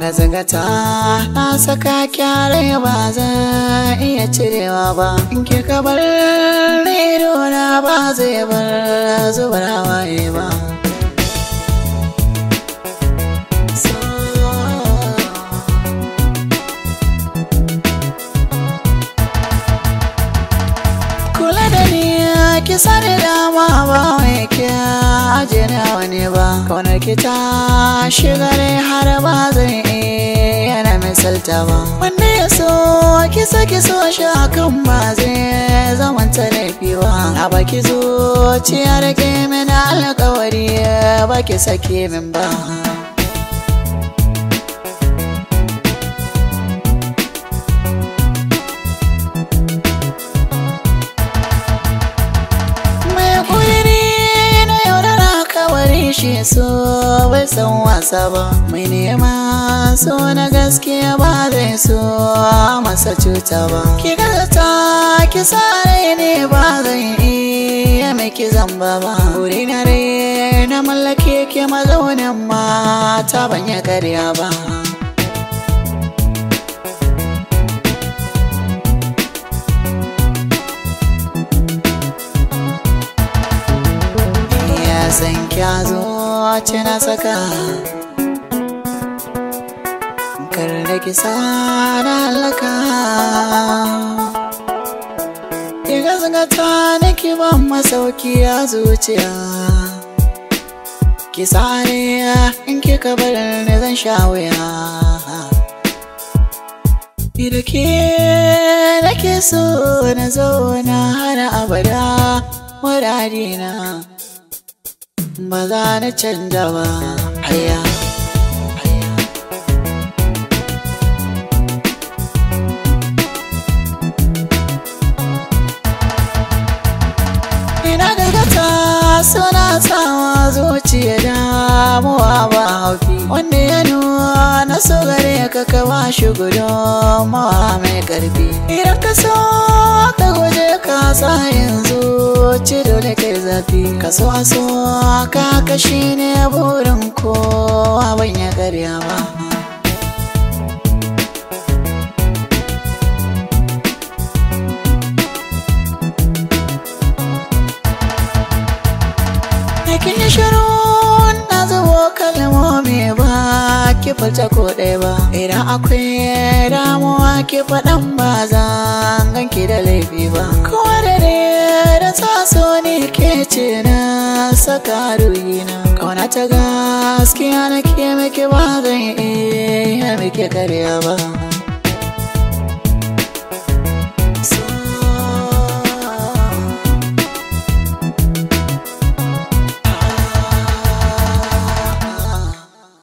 na zangata na saka kyarai ba za iya cirewa ba ke kabar ido na ba zai bar zubar waye ba kula da ni kisa dama ba ne ke aje na wani ba kaunar ki ta shiga har ba zan iya na misalta ba wanda ya so ki saki so shi akan ba zai zaman laifi ba a baki zuciyar ke mini alkawari ba ki sake min ba shi so bai san wasa ba mai nema so na gaskiya ba zai so masa cuta ba ki gata ki sare ne ba zan iya miki zamba ba wuri na re na mallake ke mazaunin mata ban ya karya ba ya zo ce na saka kar da kisa na halaka Iga zagata nake ba masauki ya zuciya Kisa ne in kika bar ne zan sha wuya ke nake so na zauna har abada wurare na maza na canza ba haya ina daga suna sawa zuciya damuwa ba haufi wanda ya nuna so gare ka kawa shi gudun mawa mai karfi idan ka so ka guje zarafi ka so so ka kashi ne burin kowa ban ya karya ba kin shiru na zubo kalmomi ba ki furta ko ɗaya ba idan akwai damu ke faɗan ba zan ganke da laifi ba kowa da da ta ne ke ce na saka na kauna ta gaskiya na ke miki ba zan iya miki karya ba